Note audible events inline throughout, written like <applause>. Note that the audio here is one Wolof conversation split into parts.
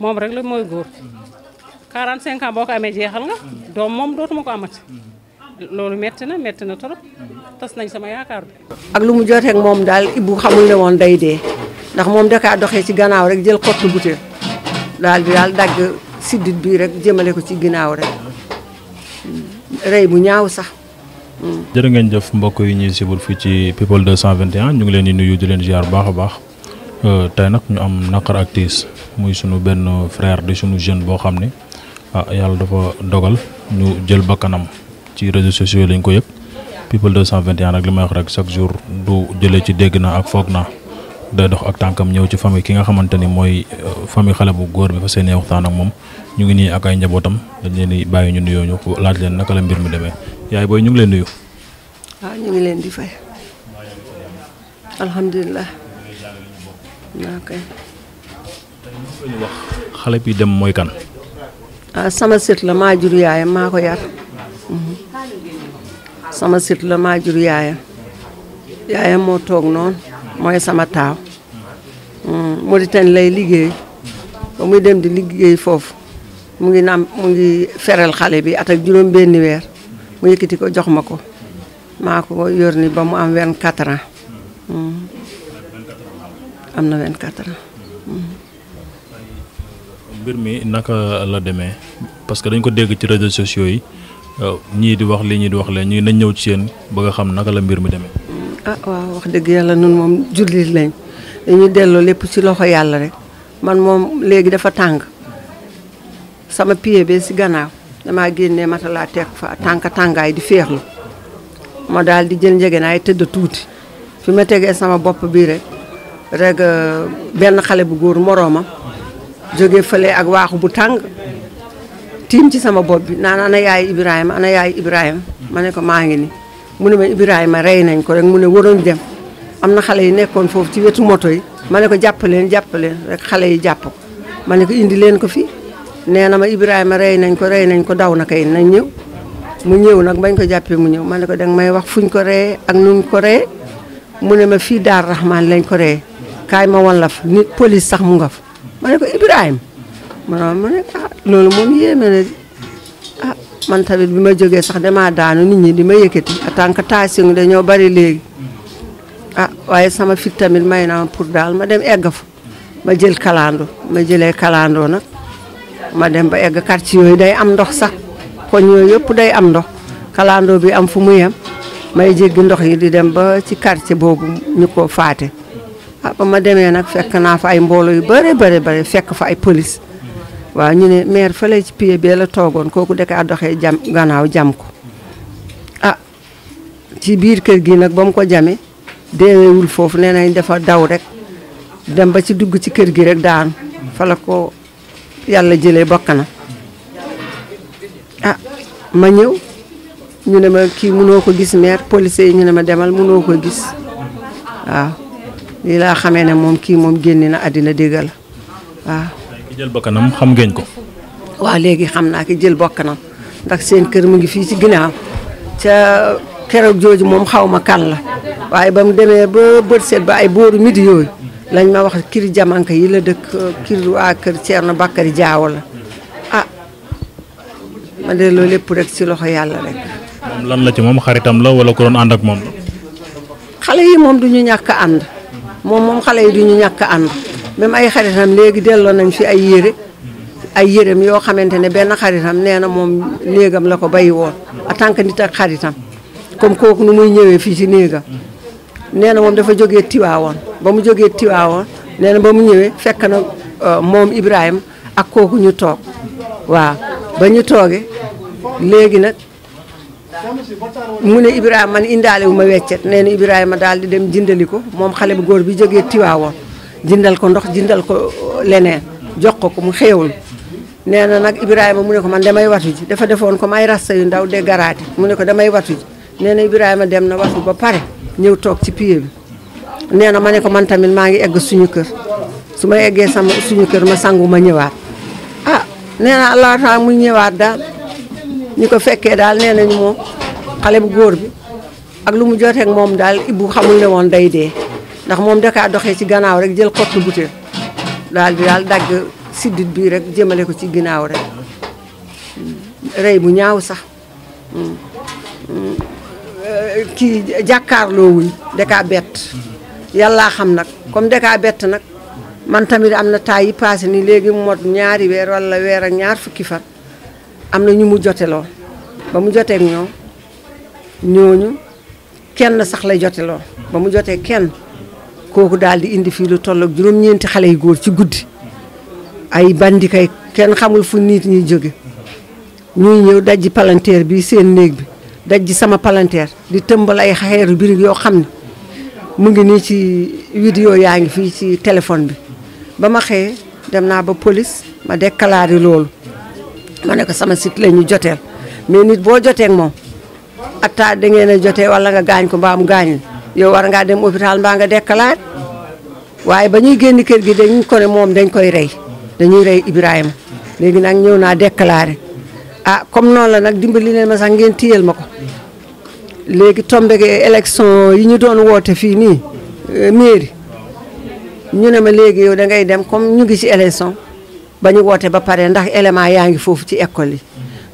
moom rek la mooy góor 45 ans boo ko amee jeexal nga doom moom dootuma ko amati loolu metti na metti na trop tas nañ sama yaakaar bi. ak lu mu jotee moom daal bu xamul ne woon day dee ndax moom dakaa doxee ci gannaaw rek jël xottu butéel daal di daal dagg siddit bi rek jëmale ko ci ginnaaw rek rey bu ñaaw sax. jërë ngeen jëf mbokk yi ñuy sibul fii ci people 221 ñu ngi leen di nuyu di leen ziar baax a baax. Euh, tey nag ñu am naqar ak tiis muy sunu benn frère di suñu jeune boo xam ne ah yàlla dafa dogal ñu jël bakkanam ci réseaux sociaux lañ ko yëg people 221 nag li may wax rek chaque jour du jëlee ci dégg na ak foog na day dox ak tànkam ñëw ci famille ki nga xamante ni mooy euh, famille xale bu góor bi fa seenee waxtaan ak moom ñu ngi nii ak ay njabootam dañ leen di bàyyi ñu nuyoo ñu laaj leen naka la mbir mu demee yaay booy ñu ngi leen nuyu. waaw ah, ñu ngi leen di fay. Ah, ok. tey xale bi dem mooy kan. Ah, sama sët la maa jur yaayam maa ko yar. Mhm. sama sët la maa jur yaayam. yaayam moo toog noonu mooy sama taaw. Mhm. Mauritanie lay liggéey. ba muy dem di liggéey foofu. mu ngi naam mu ngi feral xale bi at ak juróom benni weer. mu yëkkati ko jox ma ko. maa ko yor ni ba mu am 24 ans. am na 24 ans. Mm-hmm. mbir mi naka la demee parce que dañ ko dégg ci réseaux sociaux yi ñii di wax lii ñii di wax leen ñu nañ ñëw ci seen bëgg a xam naka la mbir mi demee. Mm, ah waaw wax dëgg yàlla nun moom jullit lañ ñu delloo lépp ci loxo yàlla rek man moom léegi dafa tàng sama pied bi ci gannaaw damaa génnee matalaa teg fa tànk tàngaay di féexlu ma dal di jël njëgeen ay tëdd tuuti fi ma tegee sama bopp bii rek. rek euh, benn xale bu góor moroomam jóge fële ak waaxu bu tàng tiim ci sama bopp bi naan ana yaay Ibrahima ana yaay Ibrahima ma ne ko maa ngi nii mu ne ma Ibrahima rey nañ ko rek mu ne waroon dem am na xale yi nekkoon foofu ci wetu moto yi ma ne ko jàpp leen jàpp leen rek xale yi jàpp ko ma ne ko indi leen ko fii nee na ma Ibrahima rey nañ ko rey nañ ko daw na kay nañ ñëw mu ñëw nag bañ ko jàppee mu ñëw ma ne ko danga may wax fuñ ko reyee ak nuñ ko reyee mu ne ma fii Daar Rahman lañ ko reyee kaay ma wan la fa nit police sax mu nga fa ma ne ko Ibrahima ma ne ah loolu moom yéeme na ah man tamit bi ma jógee sax damaa daanu nit ñi di ma yëkkati en tant que tension dañoo bari léegi a ah, waaye sama fit tamit may naa pour daal ma dem egg fa ma jël kalandoo ma jëlee kalaandoo na ma dem ba egg quartier yooyu day am ndox sax koñ yooyu yëpp day am ndox kalandoo bi am fu mu yem may jéggi ndox yi di dem ba ci quartier boobu ñu ko faate ah ba ma demee nag fekk naa fa ay mbooloo yu bëri bëri bëri fekk fa ay polise waaw ñu ne fa lay ci pied bee la toogoon kooku da a doxee jam gannaaw jam ko ah ci biir kër gi nag ba mu ko jamee deewewul foofu nee nañ dafa daw rek dem ba ci dugg ci kër gi rek daanu fa la ko yàlla jëlee bokk na ah ma ñëw ñu ne ma kii mënoo ko gis maire policier yi ñu ne ma demal mënoo ko gis waaw lii laa xamee ne moom kii moom génn na àddina déggal waaw. ki jël bokkanam xam ngeen ko. waaw léegi xam naa ki jël bokkanam ndax seen kër mu ngi fii ci ginnaaw ca keroog jooju moom xaw ma kan la waaye ba mu demee ba bët seet ba ay booru midi yooyu lañ ma wax kiri jamanka yi la dëkk kiri waa kër Thierno Bakary Diaw la ah ma de loolu lépp rek ci loxo yàlla rek. lan la ci moom xaritam la wala ko doon ànd ak moom xale yi moom du ñu ñàkk ànd. moom moom xale yi du ñu ñàkk ànd même ay xaritam léegi delloon nañ fi ay yére ay yére yérem yoo xamante ne benn xaritam nee na moom néegam la ko bàyyi woon en tant que nit ak xaritam comme kooku nu muy ñëwee fii si néegam nee na moom dafa jógee Tiwaawoon ba mu jógee Tiwaawoon nee na ba mu ñëwee fekk na euh, moom Ibrahima ak kooku ñu toog waaw ba ñu toogee léegi nag mu ne Ibrahima man indaale wu ma weccet nee na Ibrahima daal di dem jëndali ko moom xale bu góor bi jógee Tiwaawoon jëndal ko ndox jëndal ko leneen jox ko ko mu xéewul nee na nag Ibrahima mu ne ko man damay watu ji dafa defoon ko may rasta yu ndaw de garaati mu ne ko damay watu ji nee na Ibrahima dem na watu ba pare ñëw toog ci pied bi nee na ma ne ko man tamit maa ngi egg suñu kër su ma eggee sama suñu kër ma sangu ma ñëwaat ah nee allah taala muy ñëwaat daal. ñi ko fekkee daal nee nañ moom xale bu góor bi ak lu mu jotee moom daal Ibou xamul ne woon day dee ndax moom dakaa doxee ci gannaaw rek jël xottu butéel daal di daal dagg siddit bi rek jëmale ko ci ginnaaw rek rey bu ñaaw sax kii jàkkaarloowuñ dakaa bett yàllaa xam nag comme dakaa bett nag man tamit am na taay yi passé ni léegi mot ñaari weer wala weer ak ñaar fukki fan am na ñu mu joteloo ba mu joteeg ñoom ñooñu kenn sax lay joteloo ba mu jotee kenn kooku daal di indi fii lu toll ak juróom-ñeenti xale yu góor ci guddi ay bandikay kenn xamul fu nit ñuy jóge ñuy ñëw daj palanteer bi seen néeg bi dajji sama palanteer di tëmbal ay xeeru birig yoo xam ne mu ngi nii ci vidéo yaa ngi fii ci téléphone bi ba ma xëyee dem naa ba polis ma déclaré loolu ma ne ko sama site la ñu joteel mais nit boo jotee moom atta da ngeen a jotee wala nga gaañ ko mbaam gaañul yow war ngaa dem hôpital mbaa nga dekkalaat waaye ba ñuy génn kër gi dañ ko ne moom dañ koy rey dañuy rey Ibrahima léegi nag ñëw naa déclaré a ah, comme noonu la nag dimbali leen ma sax ngeen téyel ma ko léegi tombége élection yi ñu doon woote fii nii euh, mairie ñu ne ma léegi yow da ngay dem comme ñu ngi ci élection ba ñu woote ba pare ndax élément yaa ngi foofu ci école yi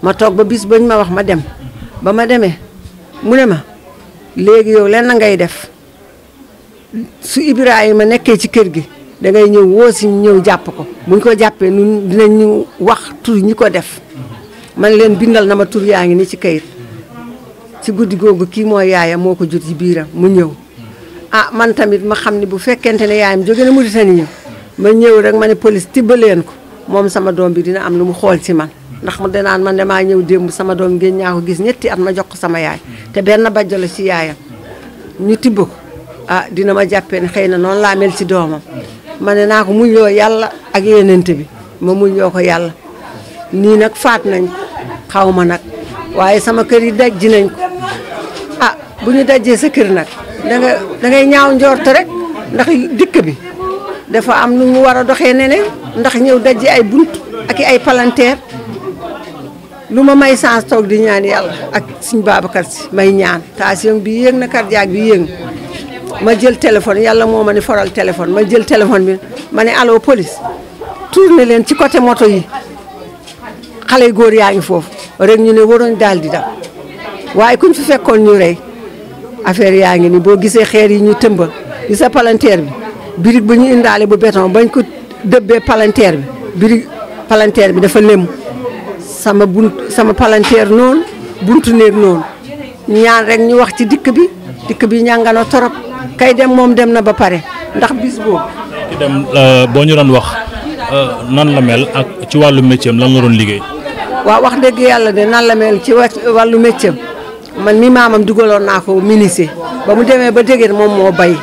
ma toog ba bis bañ ma wax ma dem ba ma demee mu ne ma léegi yow lenn ngay def su Ibrahima nekkee ci kër gi da ngay ñëw woo si ñëw jàpp ko buñ ko jàppee nun dinañu wax tur ñi ko def man leen bindal na ma tur yaa ngi ni ci kayit ci guddi googu kii mooy yaayam moo ko jur ci biiram mu ñëw ah man tamit ma xam ne bu fekkente ne yaayam jóge na Mauritanie ma ñëw rek ma ne police tibb leen ko moom sama doom bi dina am lu mu xool ci man ndax mu denaan man damaa ñëw démb sama doom ngeen ñaa gis ñetti at ma jox ko sama yaay te benn bajjo la ci yaayam ñu tibb ko ah dina ma jàppee ne xëy na noonu laa mel ci doomam ma ne naa ko muñ loo yàlla ak yenente bi ma muñ ko yàlla nii nag faat nañ xaw ma nag waaye sama kër yi daj nañ ko a ah bu ñu dajee sa kër nag danga da ngay ñaaw njort rek ndax dëkk bi dafa am nu war a doxee neneen ndax ñëw dajji ay bunt ak i ay palanteer lu ma may sans toog di ñaan yàlla ak suñ Babacar si may ñaan tension bi yéeg na cardiaque bi yéeg ma jël téléphone yàlla moo ma ni foral téléphone ma jël téléphone bi ma ne allo police tourné leen ci côté moto yi xale yu góor yaa ngi foofu rek ñu ne waroon daal di dab waaye kuñ fi fekkoon ñu rey affaire yaa ngi ni boo gisee xeer yi ñu tëmba gisa palanteer bi birig ba ñu indaale bu béton bañ ko dëbbee palanteer bi biri palanteer bi dafa lem sama bunt sama palanteer noonu buntu néeg noonu ñaan rek ñu wax ci dikk bi dikk bi ñàngano torop kay dem moom dem na ba pare ndax bis boobu. Euh, boo ñu doon wax euh, nan la mel ak ci wàllu métier lan la doon liggéey. waaw wax dëgg yàlla de nan la mel ci wàllu métier man mi maamam dugaloon naa ko ministre ba mu demee ba dégg moom moo bay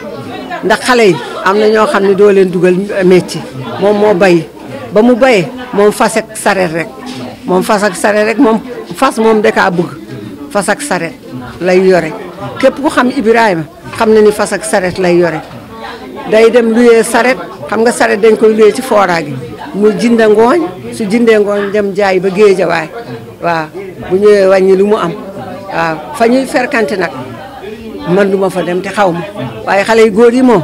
ndax xale yi. am na ñoo xam ne doo leen dugal métier moom moo bay ba mu baye moom fas saret rek moom fas ak saret rek moom fas moom dakaa bëgg fas ak saret lay yore képp ku xam Ibrahima xam na ni fas ak saret lay yore day dem luyee saret xam nga saret dañ koy luyee ci fooraa gi mu jënde ngooñ su jëndee ngooñ dem jaay ba géejawaay waaw bu ñëwee wàññi lu mu am waaw fa ñuy ferkante nag man duma fa dem te xaw ma waaye xale yu góor moom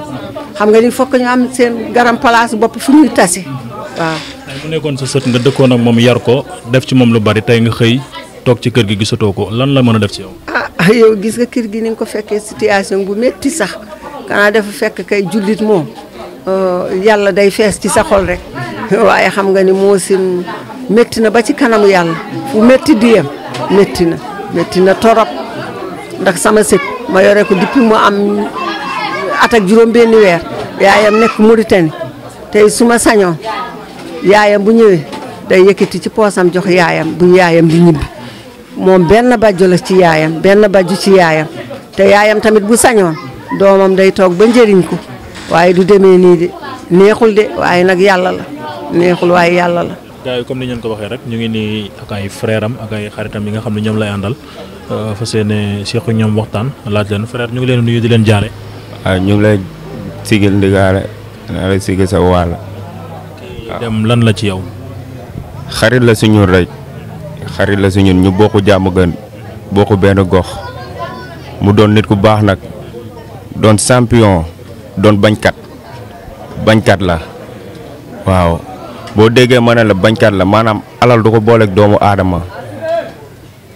xam nga ni fokk ñu am seen garam place bopp fu ñuy tase waaw. mu nekkoon sa sët nga dëkkoon ak moom yar ko def ci moom lu bari tey nga xëy toog ci kër gi gisatoo ko lan la mën a def ci yow. ah yow gis nga kër gi ni nga ko fekkee situation bu métti sax xanaa dafa fekk kay jullit moom euh, yàlla day fees ci sa xol rek <laughs> waaye xam nga ni moo sin metti na ba ci kanamu yàlla fu métti di yem métti na metti na torop ndax sama sët ma yore ko depuis mu am. at ak juróom benn weer yaayam nekk Mauritanie tey su ma sañoon yaayam bu ñëwee day yëkkati ci poosam jox yaayam bu yaayam di ñibbi moom benn bajju la ci yaayam benn bajju ci yaayam te yaayam tamit bu sañoon doomam day toog ba njëriñ ko waaye du demee nii de neexul de waaye nag yàlla la neexul waaye yàlla la. gars yi comme ni ngeen ko waxee rek ñu ngi nii ak ay frères ak ay xaritam yi nga xam ne ñoom lay àndal fa seen seq ñoom waxtaan laaj leen frère ñu ngi di leen jaale. Ah, ñu ngi lay sigil ndigaale na lay sigil sa wàll. dem lan la ci yow. xarit la si ñun xarit la si ñu bokk jàmm gën bokk benn gox mu doon nit ku baax nag doon sampiyon doon bañkat bañkat la waaw boo déggee ma ne la bañkat la maanaam alal du ko booleek doomu aadama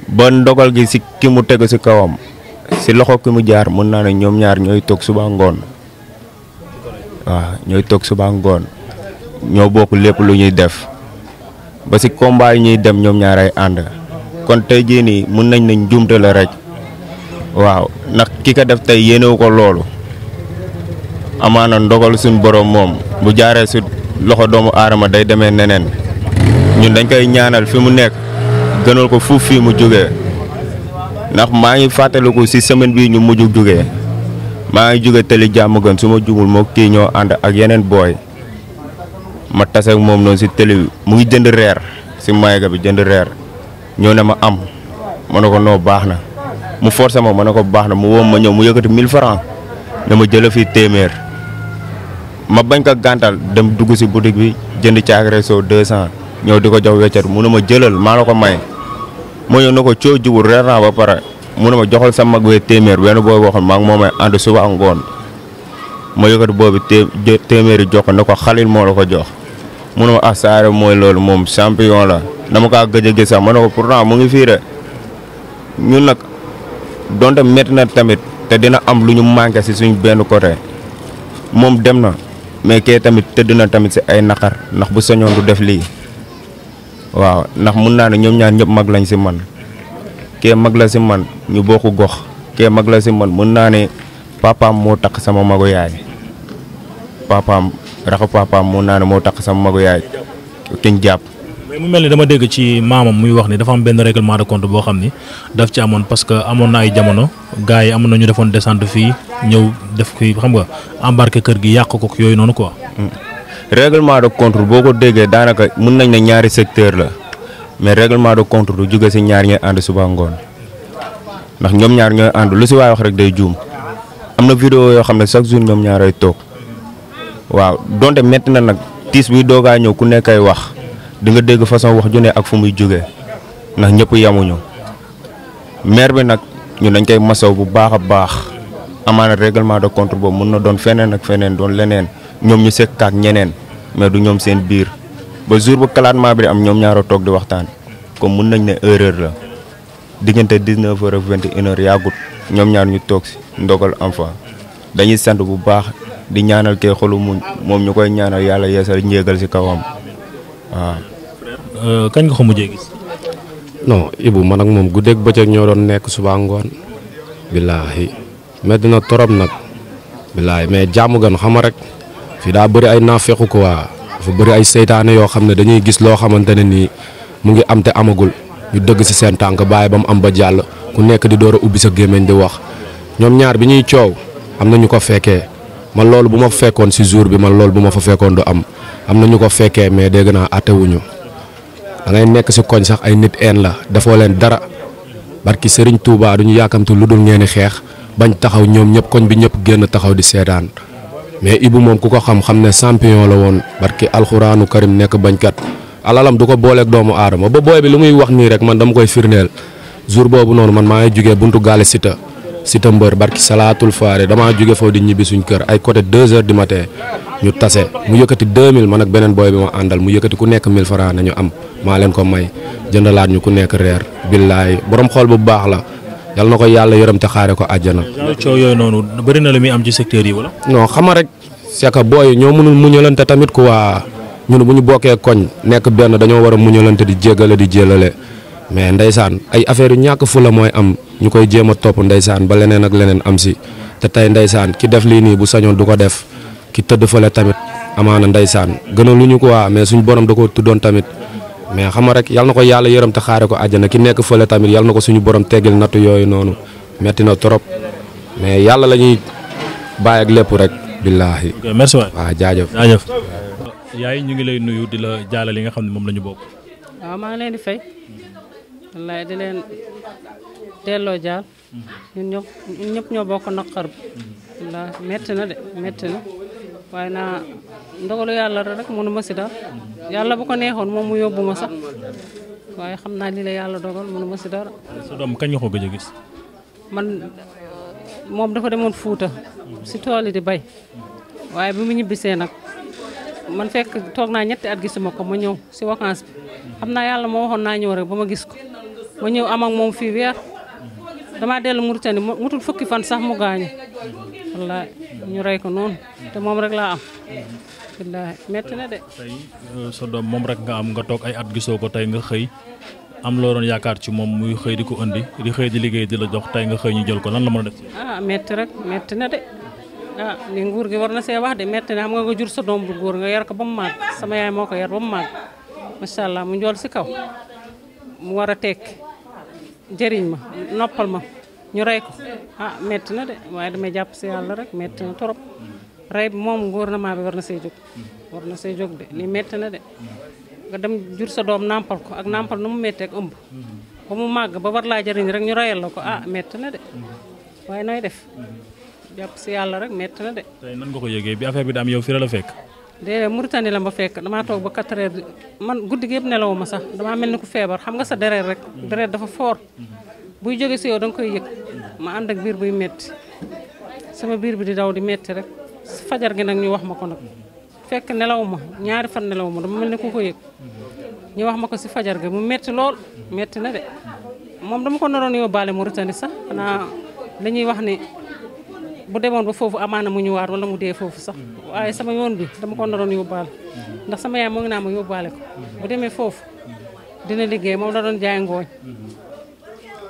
ba ndogal gi si ki mu tegu si kawam. si loxo ki mu jaar mën naa ne ñoom ñaar ñooy toog suba ngoon waaw ñooy toog suba ñoo bokk lépp lu ñuy def ba si combat ñuy dem ñoom ñaar ay ànd kon tey jii nii mën nañ ne njuumte rek waaw ndax ki ko def tey yéenewu ko loolu amaana ndogal suñ boroom moom bu jaaree si loxo doomu aadama day demee neneen ñun dañ koy ñaanal fi mu nekk gënal ko fuuf fii mu jógee. ndax maa ngi fàttaliku si semaine bii ñu mujj jógee maa ngi juge tëli jàmm gën su ma jugul moo kii ñoo ak yeneen booy ma tase moom noonu si tëli mu ngi jënd reer si mayga bi jënd reer ñëw ne ma am ma ne ko noo baax na mu forcé ma ma ne ko baax na mu woom ma ñëw mu yëkkati 1000 francs ne ma jëla fii téeméer ma bañ ko gàntal dem dugg si boutique bi jënd caakare soo 200 ñëw di ko jox weccat mu ne ma jëlal maa la may ma ñëw na ko coow jubul reer naa ba pare mu ne ma joxal sa mag wee téeméer benn booy boo xam maa ngi moom ànd suba ak mooy ma yëkkati boobu téeméer yi jox ko ne ko moo la ko jox mu ne ma ah saare mooy loolu moom champion la dama kaa gëj a gis sax ma ne ko pourtant mu ngi fii ñun nag donte métti na tamit te dina am lu ñu manqué si suñ benn côté moom dem na mais kee tamit tëdd na tamit si ay naqar ndax bu sañoon du def lii. waaw ndax mun naa ne ñoom ñaar ñëpp mag lañ si man kee mag la si man ñu bokk gox kee mag la si man mun naa ne papaam moo takk sama magu yaay papaam raxu papaam mun naa ne moo takk sama magu yaay kiñ jàpp. mais mu mel ni dama dégg ci maamam muy wax ni dafa am benn règlement de compte boo xam ni daf ci amoon parce que amoon na ay jamono gars yi amoon na ñu defoon descente fii ñëw def ki xam nga embarqué kër gi yàq ko yooyu noonu ko règlement de contre boo ko déggee daanaka mën nañ ne ñaari secteur la mais règlement de contre du jóge si ñaar ñooy ànd suba ndax ñoom ñaar ñooy ànd lu si waay wax rek day juum am na vidéo yoo xam ne chaque jour ñoom ñaaray toog waaw donte métti na nag tiis buy doogaa ñëw ku nekkay wax di nga dégg façon wax ju ak fu muy jógee ndax ñëpp yamuñu maire bi nag ñu dañ koy masaw bu baax a baax amaana règlement de compte boobu mën na doon feneen ak feneen doon leneen ñoom ñu sekk ak ñeneen mais du ñoom seen biir ba jour bu kalaatment bi di am ñoom ñaaro toog di waxtaan comme mun nañ ne erreur la diggante dix neuf heures ak vingt une heures yàggut ñoom ñaar ñu toog si ndogal am fa dañuy sent bu baax di ñaanal kee xolu muñ moom ñu koy ñaanal yàlla yeesal njéegal si kawam waaw. Euh, kañ nga ko mujjee gis. non Ibou ma nag moom guddeeg bëccëg ñoo doon nekk suba ngoon. billaahi mais dina torop nag. billaahi mais jàmm gan xama rek. fii daa bëri ay naafeq quoi dafa bëri ay seytaane yoo xam ne dañuy gis loo xamante ne nii mu ngi am te amagul ñu dëgg si seen tànk baay ba mu am ba jàll ku nekk di door a ubbi sa gémmiñ di wax ñoom ñaar bi ñuy coow am na ñu ko fekkee ma loolu bu ma fekkoon si jour bi man loolu bu ma fa fekkoon du am am na ñu ko fekkee mais dégg naa àttewuñu da nekk si koñ sax ay nit een la defoo leen dara barki Serigne Touba du ñu yàkkamte lu dul ngeen xeex bañ taxaw ñoom ñëpp koñ bi ñëpp génn taxaw di seetaan. mais Ibou moom ku ko xam xam ne champion la woon barki alxuraanu karim nekk bañkat alalam du ko booleeg doomu aadama ba booy bi lu muy wax nii rek man dama koy firndeel jour boobu noonu man maa ngi jugee buntu gaale sita sita mbër barki salaatul faare damaa jóge foofu di ñibbi suñu kër ay côté deux heures du matin ñu tase mu yëkkati 2000 man ak beneen booy bi ma àndal mu yëkkati ku nekk 1000 francs nañu am maa leen ko may jëndalaat ñu ku nekk reer billaay borom xool bu baax la yal na ko yàlla yërëm te xaare ko àjjana. coow yooyu noonu bëri na lu muy am ci secteur yi wala. non xam rek c'est que booy ñoo mënul muñalante tamit ku quoi ñun bu ñu bokkee koñ nekk benn dañoo war a muñalante di jéggale di jélale mais ndeysaan ay affaire yu ñàkk fu mooy am ñu koy jéem a topp ndeysaan ba leneen ak leneen am si te tey ndeysaan ki def lii nii bu sañoon du ko def ki tëdd fale tamit amaana ndeysaan gënaluñu quoi mais suñ borom da ko tuddoon tamit. mais xam nga rek yal na ko yàlla yërëm te xaare ko àjjana ki nekk fële tamit yal na ko suñu borom teggil nattu yooyu noonu metti na torop mais yàlla lañuy ñuy bàyyi ak lépp rek billaahi. ok merci waaw yaay ñu ngi lay nuyu di la jaale li nga xam ne moom lañu bokk. waaw maa leen di fay. wallaay di leen delloo jaal. Mhm. ñun ñëpp ñëpp ñoo bokk naqar bi. metti na de metti na. waaye naa ndogalu yàlla rek mënu ma si dara yàlla bu ko neexoon moom mu yóbbu ma sax waaye xam naa lii la yàlla dogal mënu ma si dara. sa doom kañ nga ko gëj a gis. man moom dafa demoon Fuuta si tool yi di bay waaye bi mu ñibbisee nag man fekk toog naa ñetti at gisuma ko ma ñëw si vacances bi xam naa yàlla moo waxoon naa ñëw rek ba ma gis ko ma ñëw am moom fii weer. damaa dellu Mauritanie mutul fukki fan sax mu gaañu wallaahi ñu rey ko noonu te moom rek laa am wallaahi metti na de tey euh, sa doom moom rek nga am nga toog ay at gisoo ko tey nga xëy am loo doon yaakaar ci moom muy xëy di ko indi di xëy di liggéey di la jox tey nga xëy ñu jël ko lan la mën a def ah metti rek metti na de ah li nguur gi war na see wax de metti na xam nga nga jur sa doom bu góor nga yar ko ba mu màgg sama yaay moo ko yar ba mu màgg macha mu njool si kaw jëriñ ma noppal ma ñu rey ko ah metti na de waaye damay jàpp si yàlla rek metti na torop rey bi moom gouvernement bi war na see jóg war na see jóg de lii metti na de nga dem jur sa doom nàmpal ko ak nàmpal na mu méttee ak ëmb ba mu màgg ba war laa jëriñ rek ñu reyal la ko ah metti na de waaye nooy def jàpp si yàlla rek metti na de. tey nan nga ko yëgee bi affaire bi daam yow fi la la fekk. déedéet Mauritanie la ma fekk damaa toog ba 4 heures man guddi gi yëpp nelawu ma sax damaa mel ni ku feebar xam nga sa deret rek. deret dafa fort. buy jóge si yow danga koy yëg. ma ànd ak biir buy métti sama biir bi di daw di metti rek fajar gi nag ñu wax ma ko nag fekk nelawu ma ñaari fan nelawu ma dama mel ni ku ko yëg. ñu wax ma ko si fajar gi mu metti lool metti na de moom dama ko naroon yóbbaale Mauritanie sax xanaa dañuy wax ni bu demoon ba foofu amaana mu ñëwaat wala mu dee foofu sax waaye sama yoon bi dama ko naroon yóbbaale ndax sama yaay moo ngi naa ma yóbbaale ko bu demee foofu dina liggéey moom la doon jaay ngooñ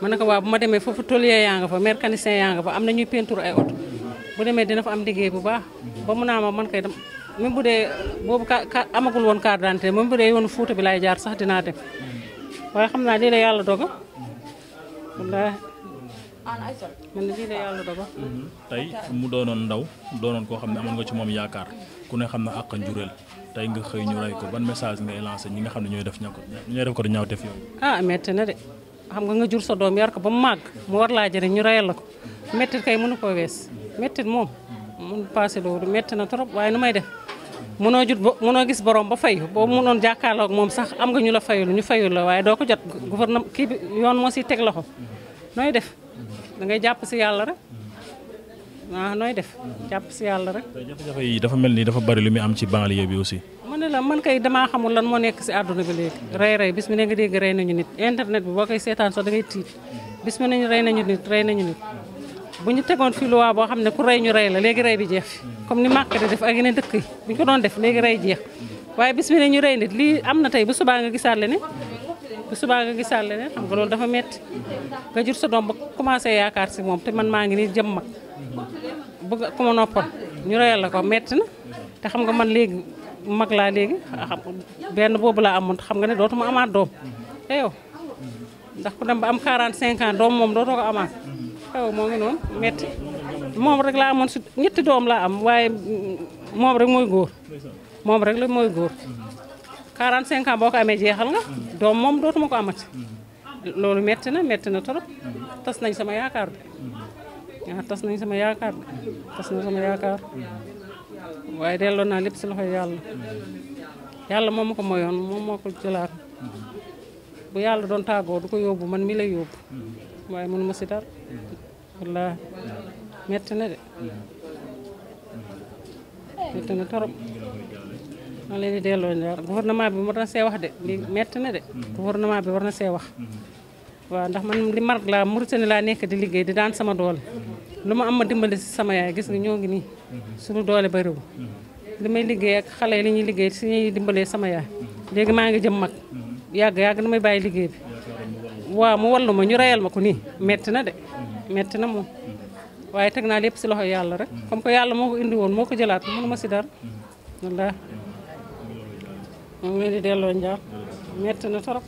ma ne ko waaw bu ma demee foofu tôlier yaa nga fa mécanicien yaa nga fa am na ñuy peinture ay oto bu demee dina fa am liggéey bu baax ba mu naa ma man kay dem même bu dee boobu amagul woon carte d'identité même bu dee yoonu Fuuta bi laay jaar sax dinaa naa lii Ah, mhm. tey mu doonoon ndaw doonoon koo xam ne amoon nga ci moom yaakaar ku ne xam ne àq njureel tey nga xëy ñu rey ko ban message ngay lancé ñi nga xam ne ñooy def ña ko ñooy def ko di ñaawteef yooyu. ah métti na de xam nga nga jur sa doom yar ko ba mu màgg mu war laa jëriñ ñu reyal la ko métti kay mënu koo wees métti moom mun passé loolu métti na trop waaye nu may def mënoo jur ba mënoo gis borom ba fayu boo mënoon jàkkaarloo ak moom sax am nga ñu la fayul ñu fayul la waaye doo ko jot gouvernement kii bi yoon moo siy teg loxo nooy def. da ngay jàpp si yàlla rek ah nooy def jàpp si yàlla rek. jafe-jafe dafa mel ni dafa bari lu muy am ci banlieue bi aussi. mu ne la man kay damaa xamul lan moo nekk si àdduna bi léegi. rey rey bis mi ne nga bi da ngay tiit bis mi bu ñu tegoon fii luwaa boo xam ne ku rey ñu rey la léegi rey bi jeex fi comme ni màkk di def ak yeneen dëkk yi bu ñu ko doon def léegi rey jeex waaye bis mi ne ñu rey nit lii am na tey bu subaa nga gisaat leneen bu subaa nga gisaal leneen xam nga loolu dafa metti nga jur sa doom ba commencé yaakaar si moom te man maa ngi nii jëm mag bëgg ku ma noppal ñu reyal la ko metti na te xam nga man léegi mag laa léegi xam benn boobu laa amoon xam nga ne dootuma amaat doom te eh ndax ku dem ba am 45 ans doom moom dootoo ko amaat te eh moo ngi noonu metti moom rek laa amoon si ñetti doom laa am waaye moom rek mooy góor moom rek la mooy góor 45 ans boo ko amee jeexal nga doom moom dootuma ko amati loolu metti na metti na trop tas nañ sama yaakaar bi tas nañ sama yaakaar bi tas na sama yaakaar naa lépp si loxo yàlla yàlla moom ma ko moyoon moom moo ko jëlaat bu yàlla doon tàggoo du ko yóbbu man mi lay yóbbu waaye mënu ma si dar wallaahi na de metti trop ma leen di delloo ñaar gouvernement bi war na see wax de li metti na de gouvernement bi war na see wax waaw ndax man li mu laa Mauritanie laa nekk di liggéey di daan sama doole lu ma am ma dimbale si sama yaay gis nga ñoo ngi nii suñu doole bariwul li may liggéey ak xale yi li ñuy liggéey si dimbalee sama yaay léegi maa ngi jëm mag yàgg yàgg may bàyyi liggéey bi waaw mu wallu ma ñu reyal ma ko nii metti na de metti na moom waaye teg naa lépp si loxo yàlla rek comme que yàlla moo ko indi woon moo ko jëlaat mënu ma si dara mu ngi di delloo njaar mm. metti na torop